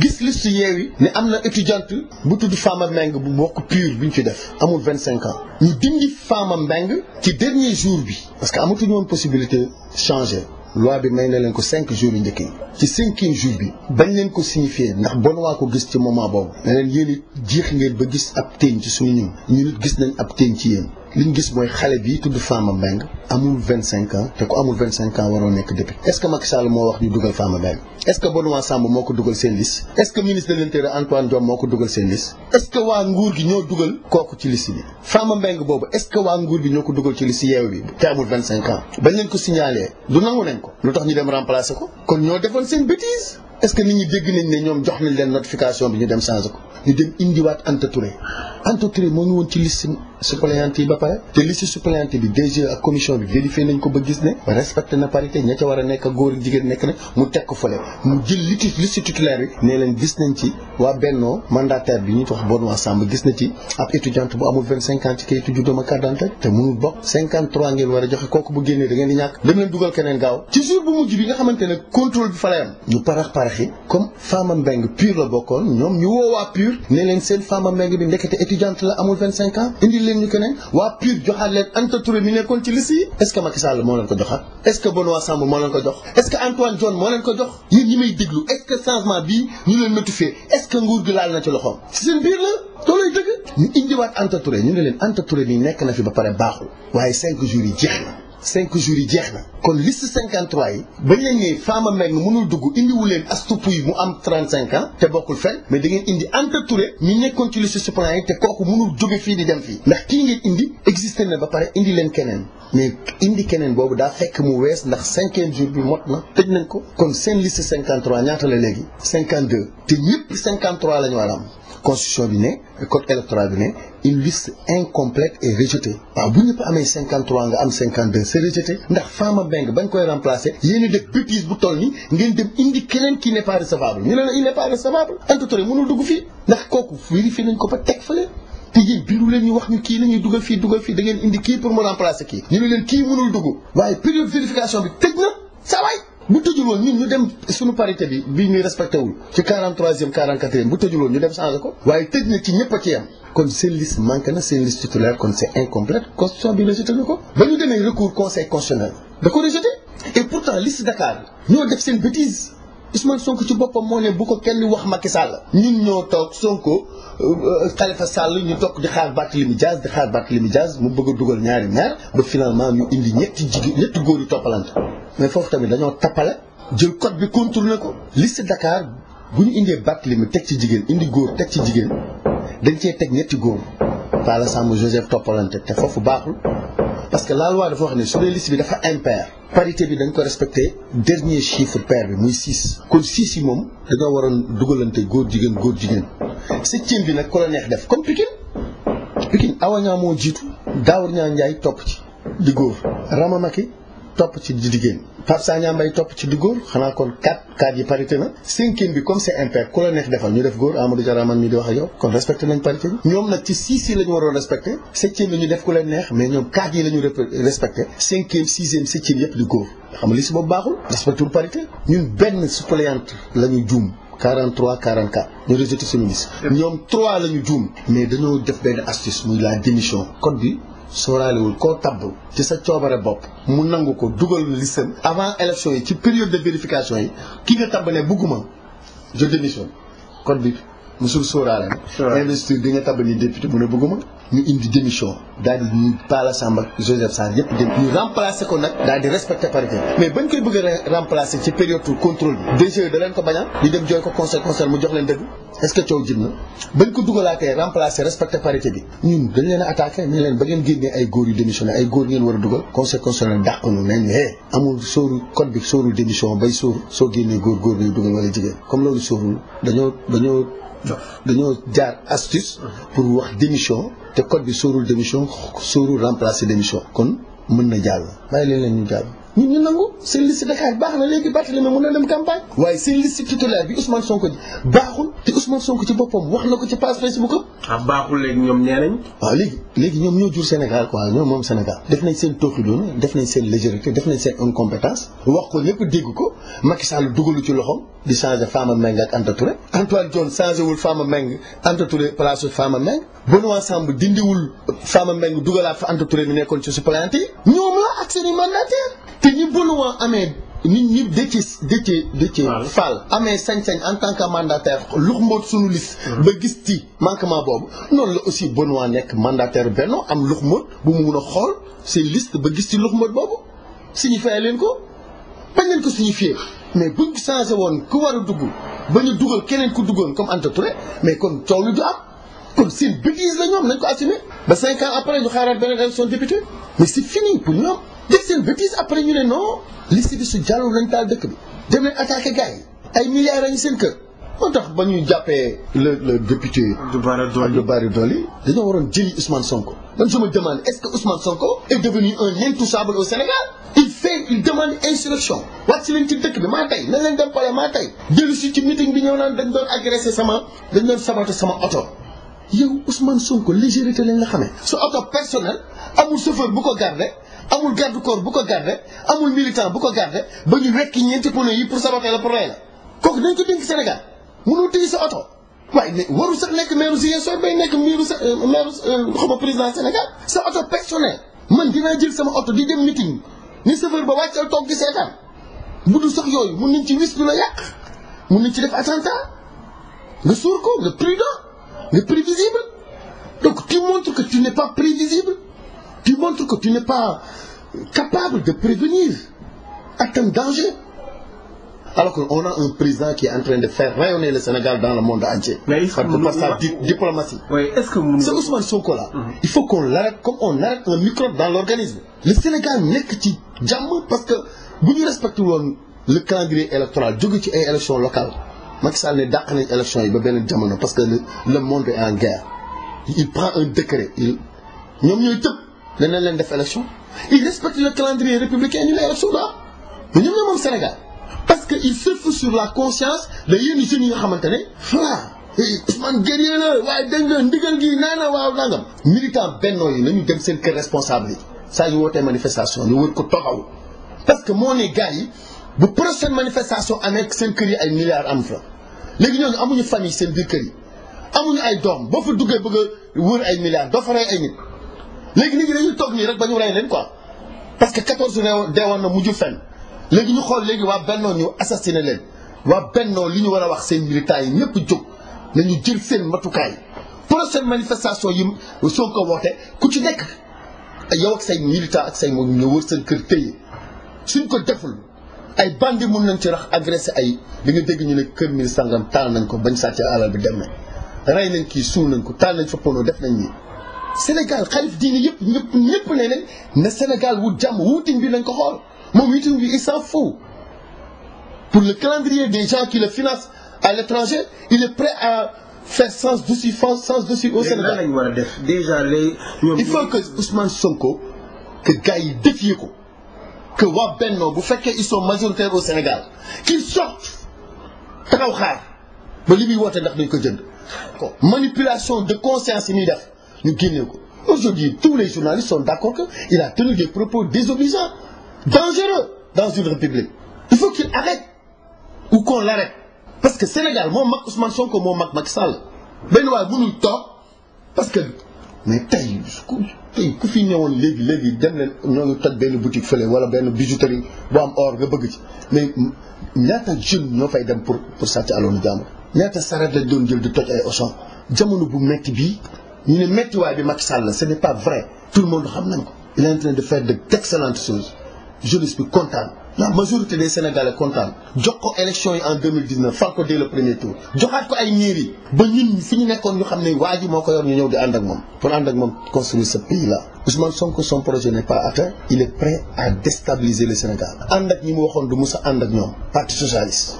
gis liste yeewi am na étudiante bu tudd Fama Meng bu bokk pur bi ñu fi def amul vingt-cinq ans ñu dindi Fama Mbengue ci dernier jour bi parce que amatuñu woon possibilité changer loi bi may na leen ko cinq jours yu njëkk ci cinquième jour bi bañ leen ko signifié ndax bon waa ko gis ci moment boobu ne leen yéen jiix ngeen ba gis ab téeñ ci suñu ñun ñu nit gis nañ ab téeñ ci yéen li ñu gis mooy xale bi tudd Fama Mbengue amul vingt cinq ans te ku amul vingt cinq ans waroo nekk député est ce moo wax ñu dugal Fama Mbengue est ce que Benoît Sambou moo ko dugal seen liste est ministre de Antoine Diome moo ko dugal seen liste est waa nguur gi ñoo dugal kooku ci liste bi Fama Mbengue boobu est ce que waa nguur gi ñoo ko dugal ci liste yeew bi te amul vingt cinq ans bañ leen ko signalé du nangu nañ ko lu tax ñu dem remplacer ko kon ñoo defoon seen bêtise est-ce que nit ñi dégg nañ ne ñoom jox nañ leen notification bi ñu dem changé ko ñu dem indiwaat Anta Touré Anta Touré moo ngi woon ci liste suppléante yi ba pare te liste suppléante bi DG ak commission bi vérifié nañ ko ba gis ne respecté na parité ña ca war a nekk góor jigéen nekk na mu teg ko mu jël litif liste titulaire bi nee leen gis nañ ci waa bennoo mandataire bi ñuy wax Benoît Sambou gis na ci ab étudiante bu amul vingt cinq a joxe kooku bu génnee da ngeen di ñàkk dem leen dugal ne contrôle bi fa Baaxi comme Fama Mbengue pur la bokkoon ñoom ñu woo waa ne leen seen Fama Mbengue bi ndekete étudiante la amul vingt cinq ans indi leen ñu keneen waa pur joxaat leen Anta Touré nekkoon ci liste yi est-ce moo leen ko joxaat est-ce que Benoît Sambou moo leen ko jox est-ce que moo leen ko jox yéen ñi may déglu est-ce que bii ñu leen notifié est-ce nguur gi laal na ci loxoom ci seen biir la loolay dëgg ñu indiwaat Anta ñu ne leen Anta Touré nekk na fi ba pare baaxul waaye cinq jours yi cinq jours yi jeex na kon liste 53 yi bañ leen ne Fama Mbengue mënul dugg indiwu leen Astou Pouye mu am 35 ans te bokkul fenn mais da ngeen indi Anta Touré mi nekkoon ci liste suppléant yi te kooku mënul jóge fii di dem fii ndax kii ngeen indi existé na ba pare indi leen keneen mais indi keneen boobu daa fekk mu wees ndax cinquième jour bi mot na tëj nañ ko kon seen liste 53 ñaata la léegi 52 te ñëpp 53 la ñu war a am constitution bi ne code électoral bi ne in liste incomplète est rejetée waaw bu ñëpp amee 53 nga am 52 c'est rejeté ndax Fama Beng bañ koy remplacer yéen def bêtise bu toll ni ngeen dem indi keneen qui n'est pas recevable ñu ne la il n'est pas recevable Anta Touré mënul dugg fii ndax kooku vérifié nañ ko ba teg fële te yéen biiru leen ñu wax ñu kii nañuy dugal fii dugal fii da ngeen indi kii pour mu remplacer kii ñu ne leen kii mënul dugg waaye période bu tëjuloon ñun ñu dem suñu parité bi bii ñuy respecté wul ci 43e 44e bu tëjuloon ñu dem changé ko waaye tëj na ci ñëpp a ci yem kon seen liste manqué na seen liste titulaire kon c'est incomplète constitution bi rejeté na ko ba ñu demee recours conseil constitutionnel da ko rejeté et ñoo def seen bêtise Ousmane Sonko ci boppam moo ne bu ko kenn wax Macky Sall ñun ñoo toog Sonko euh, euh, Khalifa Sall ñu toog di xaar Barthélémy Dias di xaar mi Dias mu bëgg dugal ñaari maire ba finalement ñu indi ñetti jigéen ñetti góor yu toppalante mais foofu tamit dañoo tappale jël code bi contourné ko liste Dakar bu ñu indee li Barthélémy teg ci jigéen indi góor teg ci jigéen dañ cee teg ñetti góor Pala Samb Joseph toppalante te foofu baaxul parce que la loi dafa wax ne su dee liste bi dafa impair parité bi dañ ko respecté dernier chiffre pair bi muy six kon six yi moom dañoo waroon dugalante góor jigéen góor jigéen septième bi nag ko la def comme Pikine Pikine awañaa moo jiitu daawar ñaa njaay topp ci di góor Ramamaki topp ci di jigéen Pape Sagna topp ci di góor xanaa kon 4 4 yi parité na cinquième bi comme c'est impair ku la neex defal ñu def góor Amadou Diarra man mii di wax ak yow kon respecté nañ parité ñoom nag yi la ñu waroon respecté septième bi ñu di góor xam nga li si boobu baaxul respecté parité ñun benn suppléante la ñu juum 43 44 ñu rejeté suñu liste ñoom 3 la ñu juum mais dañoo def benn astuce la démission code bi sóoraalewul koo tabb ci sa coobare bopp mu nangu ko dugal listam avant élection yi ci période de vérification yi ki nga tabb ne bugguma je démissionne code bi musul sóoraale na investiture bi nga tabb ni député mu ne bugguma ñu indi démission daal di Pala Samba Joseph Sarr yëpp dem ñu remplacer ko nag daal di respecté parité mais bañ koy bëgg a remplacer ci période contrôle bi DG da leen ko bañal di dem jooy ko conseil conseil mu jox leen dëgg est-ce que coow jib na bañ ko dugalaatee remplacer respecté parité bi ñun dañ leen a attaqué leen ba ngeen génnee ay góor yu démissionné ay góor ngeen war a dugal conseil conseil la dàq ñu ne eh, amul sóoru code bi sóoru bay sóor soo génnee góor góor ngay dugal wala jigéen comme loolu sóorul dañoo jaar astuce pour wax démission te code bi sóorul démission sóorul remplacer démission kon mën na jàll bàyyi leen ñu jàll ñun ñu nangu seen liste Dakar baax na léegi Barthélémy mën na dem campagne waaye seen liste titulaire bi Ousmane Sonko ji baaxul te Ousmane Sonko ci boppam wax na ko ci page Facebook am ah baaxul léegi ñoom nee nañ waaw léegi léegi ñoom ñoo jur Sénégal quoi ñoom moom Sénégal def nañ seen tooxi doona def nañ seen légèreté def nañ seen incompétence wax ko lépp dégg ko Macky Sall dugalu ci loxom di changé Fama Meng ak Anta Touré Antoine Diome changé wul Fama Meng Anta Touré place Fama Meng Benoît Sambou dindiwul Fama Meng dugalaat fa Anta Touré mi nekkoon ci suppléante yi ñoom la ak seen i te ñi Benoît amee nit ñi Déthié Déthié Déthié Fall amee sañ-sañ en tant que mandataire luxmboot suñu liste mm-hmm. ba gis ci manquement boobu noonu la aussi Benoît nekk mandataire Benno am luxmboot bu mu mun a xool seen liste ba gis ci luxmboot boobu ñu signifié leen ko bañ leen ko signifié mais buñ changé woon ku war a dugg ba ñu dugal keneen ku duggoon comme Anta Touré mais kon coow lu du am kon seen bêtise la ñoom nañ ko assumer ba cinq ans après ñu xaaraat beneen élection député mais c'est fini pour ñoom def seen bêtise ñu ne non liste bi su jàllul nañ taal dëkk bi dem leen attaqué gars yi ay milliards lañu seen kër moo tax ba ñu jàppee le le député Abdou Bara Dolly dañoo waroon jëli Ousmane Sonko man je me demande est-ce que Ousmane Sonko est devenu un intouchable au Sénégal il fait il demande insurrection wàcc leen ci dëkk bi maa tey nañ leen dem pale maa tey jëli si dañ doon agressé sama oto yow Ousmane Sonko légèreté lañ la xamee. su oto personnel amul chauffeur bu ko garde amul garde corps bu ko garde amul militant bu ko garde ba ñu wekki ñeenti pneu yi pour saboter la pour rey la kooku dañ ko dénk Sénégal mënoo tëj sa oto. waaye mais waru sax nekk maire Ziguinchor bay nekk miiru sa maire euh, euh, ma président Sénégal sa oto personnel man dinaa jël sama oto di dem meeting ni chauffeur ba wàccal toog di seetaan bu dul sax yooyu mun nañ ci wis du la yàq mun nañ ci def attentat nga suur ko nga prudent mais prévisible. Donc tu montres que tu n'es pas prévisible, tu montres que tu n'es pas capable de prévenir atteint danger. Alors qu'on a un président qui est en train de faire rayonner le Sénégal dans le monde entier. Mais par sa di diplomatie. Oui, que vous... C'est Ousmane Sonko là. arrête un microbe dans l'organisme. Le Sénégal nekk ci jàmm parce que bu ñu respecté woon le calendrier électoral jóge ci ay élections locales. Macky Sall ne dàq nañ élection yi ba beneen jamono parce que le monde est en guerre il prend un décret il ñoom ñooy tëb danañ leen def élection il respecte le calendrier républicain ñu ne élection daa mais ñoom ñoo moom Sénégal parce que il surfe sur la conscience de yenn jeunes yi nga xamante ne voilà eh, Ousmane guerrier la waaye dégg nga ndigal gi naa na waaw nangam. militant bennoo yi nañu dem seen kër responsable yi saa yu wootee manifestation parce que moo ne gars yi bu prochaine manifestation amee seen kër yi ay milliards léegi ñooñu amuñu fan yi seen biir kër yi amuñu ay doom boo fa duggee bëgg a wër ay milliards doo fa rey ay nit léegi nit ñi dañuy toog nii rek ba ñu rey leen quoi parce que 14 ne deewoon na mujj fen léegi ñu xool léegi waa Bennoo ñu assassiné leen waa Bennoo li ñu war a wax seen militants yi ñëpp jóg nañu jël seen matukaay prochaine manifestation yi soo ko woote ku ci nekk yow ak say militant ak say moom ñu wër seen kër téye suñ ko deful ay bandi mun nañ ci rax agressé ay di nga dégg ñu ne kër mi sangam taal nañ ko bañ sàccee alal bi dem nañ rey nañ kii suul nañ ko taal nañ fa pono def nañ nii Sénégal xalif diine yëpp ñëpp ñëpp ne nañ ne Sénégal wu jàmm wuutin bi nañ ko xool moom wuutin bi il s'en pour le calendrier des gens qui le financent à l'étranger il est prêt à faire sens dessus sens dessus au Sénégal. léegi lan ñu war a def déjà les. il faut que Ousmane Sonko que gars yi défier ko. que waa Benno bu fekkee ils sont majoritaires au Sénégal qu'ils sortent taxaw xaar ba li muy woote ndax dañ ko jënd. manipulation de conscience yi muy def ñu génnee ko aujourd'hui tous les journalistes sont d'accord que il a tenu des propos désobligeants dangereux dans une république il faut qu'il arrête ou qu'on l'arrête parce que Sénégal moo mag Ousmane Sonko moo mag Macky Sall benn waay mënul toog parce que. mais tey ku tey ku fi ñëwoon léegi léegi dem leen ñoo ngi toj benn boutique fële wala benn bijouterie bu am or nga bëgg ci mais ñaata jeune ñoo fay dem pour pour sàcc aloonu jàmbur ñaata sareet lañ doon jël di toj ay Auchan jamono bu metti bii ñu ne méttiwaay bi Macky Sall la ce n'est pas vrai tout le monde xam nañ ko il est en train de faire de d'excellentes choses jeunesse bi kontaan la majorité des sénégalais kontaan jox ko élection yi en 2019 fal ko dès le premier tour joxaat ko ay miir ba ñun fi ñu nekkoon ñu xam ne waa ji moo ko yor ñu ñëw di ànd ak moom pour ànd ak moom construire ce pays là Ousmane Sonko son projet n'est pas atteint il est prêt à déstabiliser le Sénégal ànd ak ñi mu waxoon du mës a ànd ak ñoom parti socialiste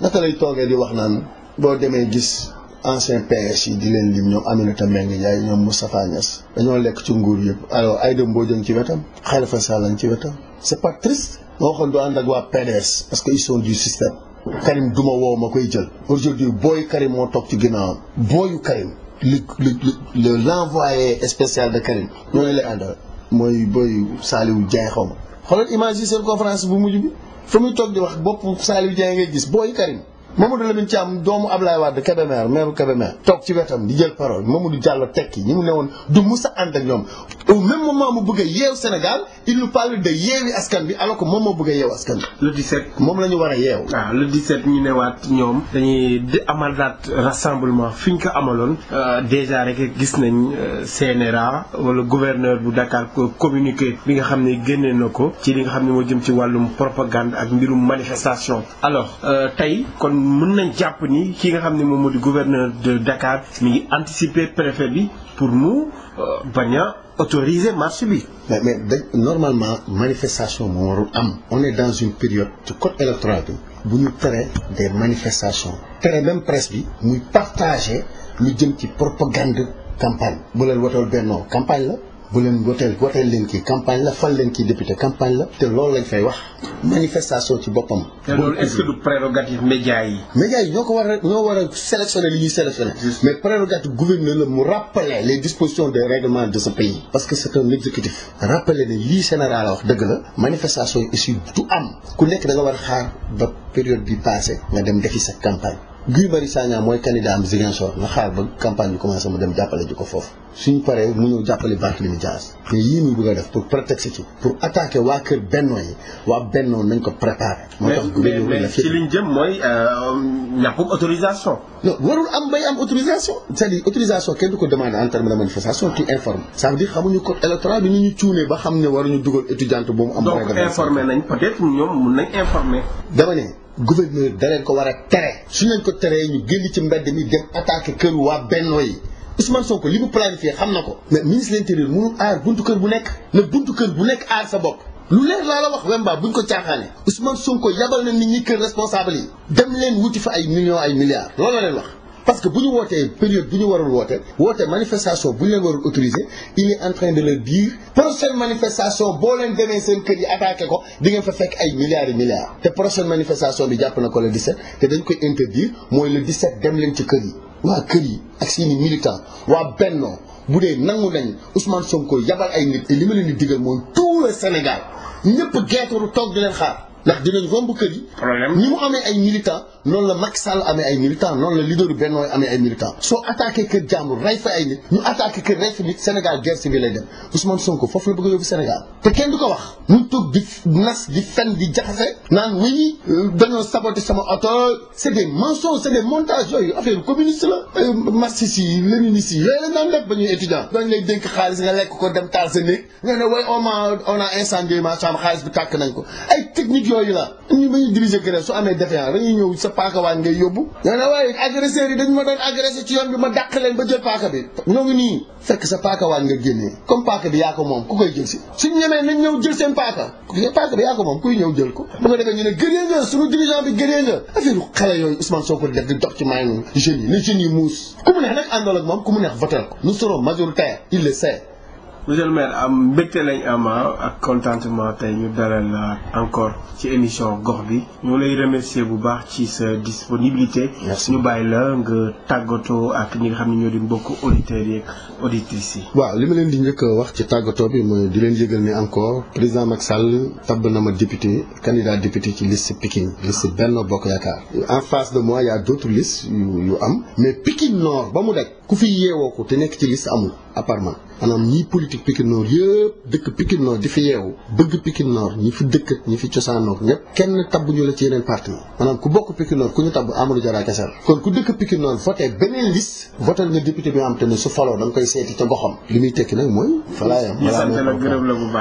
naka lay toogee di wax naan boo demee gis ancien PS yi di leen lim ñoom Aminata Mbengue Ndiaye ñoom Moustapha dañoo lekk ci nguur yëpp alors Aïda Mbodj a ngi ci wetam Khalifa Sall a ci wetam c'est pas triste ma waxoon doo ànd ak waa PDS parce que ils sont du système Karim duma woow ma koy jël aujourd'hui booy Karim moo toog ci ginnaawam booyu Karim li li le l'envoyé spécial de Karim ñooñu lay àndal mooy booy Saliou Dieng xaw ma xoolal image yi seen conférence bu mujj bi fa muy toog di wax bopp Saliou Dieng ngay gis booy Karim Mamadou Lamine am doomu Ablaye Wade Kébémer maire Kébémer toog ci wetam di jël parole Mamadou Diallo tekki ñi mu ne woon du Moussa ànd ak ñoom au même moment mu bëgg a yeew Sénégal il nous parle de yeewi askan bi alors ko moom moo bëgg a yeew askan bi. le 17 moom la ñu war a yeew. waaw ah, le 17 ñu newaat ñoom dañuy amalaat rassemblement fi ñu ko amaloon euh, déjà rek gis nañ euh, CNRA wala gouverneur bu Dakar ko communiqué bi nga xam ne génnee na ko ci li nga xam ne moo jëm ci wàllum propagande ak mbirum manifestation alors euh, mën nañ jàpp ni ki nga xam ne moom moo di gouverneur de Dakar mi ngi anticiper préfet bi pour mu euh, bañ a autoriser marche bi. mais mais normalement manifestation moo warul am on est dans une période de code électoral bi bu ñu tere des manifestations tere même presse bi muy partager lu jëm ci propagande campagne bu leen wateel bennoo campagne la. bu leen woteel woteel leen kii campagne la fal leen kii député campagne la te loolu lañ fay wax manifestation ci boppam. te loolu est-ce que du prérogative média yi. ñoo ko war a ñoo war a sélectionner li ñuy sélectionner. mais prérogative gouverneur la mu rappeler les dispositions des règlements de ce pays. parce que c'est un exécutif. rappeler lii général a wax dëgg la manifestation yi aussi du am ku nekk da nga war a xaar ba période bi passé nga dem defi sa campagne. Guy Marius Sagna mooy candidat am Ziguinchor na xaar ba campagne bi commencé mu dem jàppale ji ko foofu suñ paree mu ñëw jàppale Barthélémy Dias mais yii muy bëgg a def pour prétexte ci pour attaquer waa kër Benno yi waa Benno nañ ko préparé moo tax mais ci liñ mooy euh, ñàkkum autorisation non warul am bay am autorisation c'est-à-dire autorisation kenn ko demandé en terme de manifestation tu informe ça veut dire xamuñu code électoral bi ni ñu cuunee ba xam ne waruñu dugal étudiante boobu am donc informé nañ peut-être ñoom mun nañ informé dama ne gouverneur da leen ko war a tere su leen ko teree ñu génn ci mbedd mi dem attaqué kër waa Benno yi Ousmane Sonko li mu planifié xam na ko mais ministre de l'intérieur mënul aar buntu kër bu nekk na buntu kër bu nekk aar sa bopp lu leer laa la wax Wemba buñ ko caaxaane Ousmane ko yabal na nit ñi kër responsable yi dem leen wuti fa ay millions ay milliards loolu leen wax parce que bu ñu wootee période bu ñu warul woote woote manifestation bu ñu leen warul autoriser il est en de leur dire prochaine manifestation boo leen demee seen kër yi attaqué ko di ngeen fa fekk ay milliards et milliards te prochaine manifestation bi jàpp na ko le 17 te dañ koy interdire mooy le 17 dem leen ci kër yi waa kër yi ak seeni militants waa Benno bu dee nangu nañ Ousmane Sonko yabal ay nit te li ma leen di digal mooy tout Sénégal ñëpp geetaru toog di leen ndax dinañ romb kër yi. problème ñi mu amee ay militants. noonu la Macky Sall amee ay militants noonu la leader Benno amee ay militants soo attaqué kër jàmbur rey fa ay nit ñu attaqué kër rey fa nit Sénégal guerre civile lay dem Ousmane Sonko foofu la bëgg a yóbbu Sénégal te kenn du ko wax ñu toog di nas di fen di jaxase naan oui dañoo euh, saboté sama oto c'est des mensonges c'est des communiste la euh, marxiste yi léniniste yooyu la daan def ba ñuy étudiant dañ lay dénk xaalis nga lekk ko dem taal sa néeg nga ne way a xaalis bi ko ay techniques yooyu la ñu ba ñuy diriger grève paaka waañ ngay yóbbu nga ne waaye agresseurs yi dañ ma doon agressé ci yoon bi ma dàq leen ba jël paaka bi ñoo ngi nii fekk sa paaka waañ nga génnee comme paaka bi yaa ko moom ku koy jël si suñ ñemee nañ ñëw jël seen paaka paaka bi yaa ko moom kuy ñëw jël ko bu nga defee ñu ne gënee nga suñu dirigeant bi gënee nga affaire xale yooyu Ousmane Sonko def di dox ci maa ngi jeunes yi les jeunes yi muus ku mu neex nag àndal moom ku mu neex votel ko nous monsieur le maire am mbégte lañ am ah, ak contentement tey ñu dalal encore ci émission gox bi ñoo lay remercier bu baax ci sa disponibilité. ñu bàyyi la nga tàggatoo ak ñi nga xam ne ñoo di mbokk auditeurs yi ak auditrices yi. waaw li ma leen di njëkk wax ci tàggatoo bi mooy di leen yëgal ni encore président Macky Sall tabb na ma député candidat député ci liste Pikine liste benn Bokk Yaakaar. en face de moi y a d'autres listes yu yu am mais Pikine Nord ba mu daj ku fi yeewoo ko te nekk ci liste amul à part ñii politique Pikine Nord yëpp dëkk Pikine Nord di fi yeewu bëgg Pikine Nord ñi fi dëkk ñi fi cosaanoo ñëpp kenn tabbuñu la ci yeneen parti maanaam ku bokk Pikine Nord ku ñu tabb Amadou Diarra kese kon ku dëkk Pikine Nord voté beneen liste voté nga député bi nga xam te ne su faloo da nga koy seeti ca goxam li muy tekki nag mooy falaayam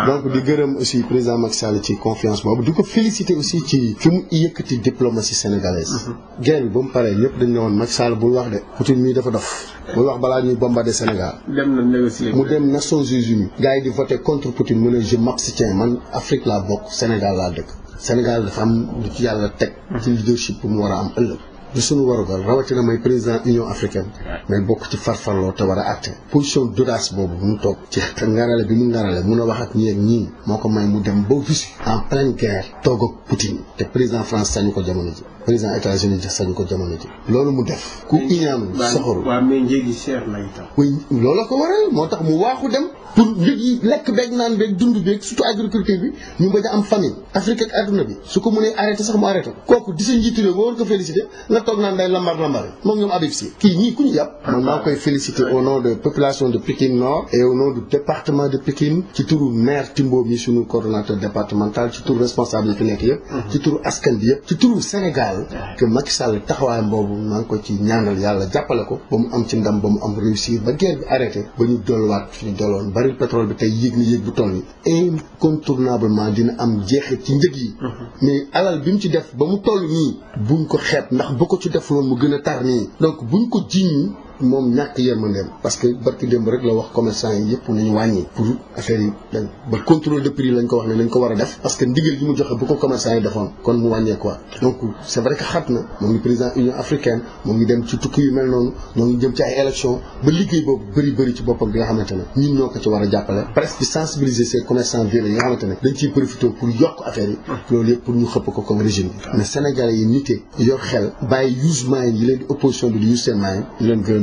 donc di gërëm aussi président Macky Sall ci confiance boobu di ko féliciter aussi ci fi mu yëkkati diplomatie sénégalaise mm-hmm. guerre bi ba mu paree ñëpp dañ ne woon Macky Sall wax de Poutine mii dafa dof muy wax balaa ñuy bombarder Sénégal. dem na négocier mu dem Nations Unies. gars yi di voté contre mu ne je m'abstiens man Afrique laa bokk Sénégal laa dëkk. Sénégal dafa am lu ci yàlla teg. Mhm. ci leadership bu mu war a am ëllëg. du suñu warugal rawatina may président union africaine mais bokk ci farfarloo te war a atte position d'audace boobu mu toog ci ngarale bi mu ngarale mun a wax ak ñi ak ñii moo ko may mu dem ba Russie en pleine guerre toog ak Poutine te président France sañu ko jamono ji président États-Unis sañu ko jamono ji loolu mu def ku iñaanu soxoru waaw la itam loolu ko waral moo tax mu waaxu dem pour njëg yi lekk beeg naan beeg dund beeg bi ñu bañ a am famine Afrique ak adduna bi su ko mënee arrêté sax sa njiitu ko félicité na toog naan day lambar lambar moom ñoom Habib Sy kii ñii ku ñu yàpp man maa koy féliciter au nom de population de Pikine Nord et au nom du département de Pikine ci turu maire Timbo mi suñu coordonnateur départemental ci turu responsable yi fi nekk yëpp mhm. ci turu askan bi yëpp ci turu Sénégal que Macky Sall taxawaayam boobu maa ngi ko ci ñaanal yàlla jàppale ko ba mu am ci ndam ba mu am réussir ba guerre bi arrêté ba ñu dolluwaat fi ñu dolloon baril pétrole bi tey yéeg na yéeg bu toll ni incontournablement dina am jeexit ci njëg yi mhm. mais alal bi ci def ba mu toll nii buñ ko xeeb ko ci def loon mu gën a tar nii donc buñ ko jiñ moom ñàkk yërmandeem parce que barki démb rek la wax commerçant yi yëpp nañu wàññi pour affaire yi ba contrôle de prix lañ ko wax nañ ko war a def parce que ndigal gi mu joxe bu ko commerçant yi defoon kon mu wàññee quoi donc xat na moo ngi président union africaine moo ngi dem ci tukki yu mel noonu moo ngi jëm ci ay élection ba liggéey boobu bëri bëri ci boppam bi nga xamante ne ñoo ko ci war a jàppale presque sensibiliser ces commerçants violents yi nga xamante ne dañ ciy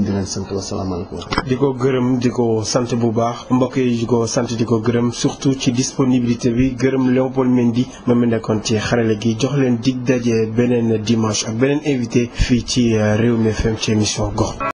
di leen sant di ko gërëm di ko sant bu baax mbokk yi di ko sant di ko gërëm surtout ci disponibilité bi gërëm Léopold Mendy moom mi nekkoon ci xarale gi jox leen dig daje beneen dimanche ak beneen invité fii ci euh, réew mi FM ci émission gox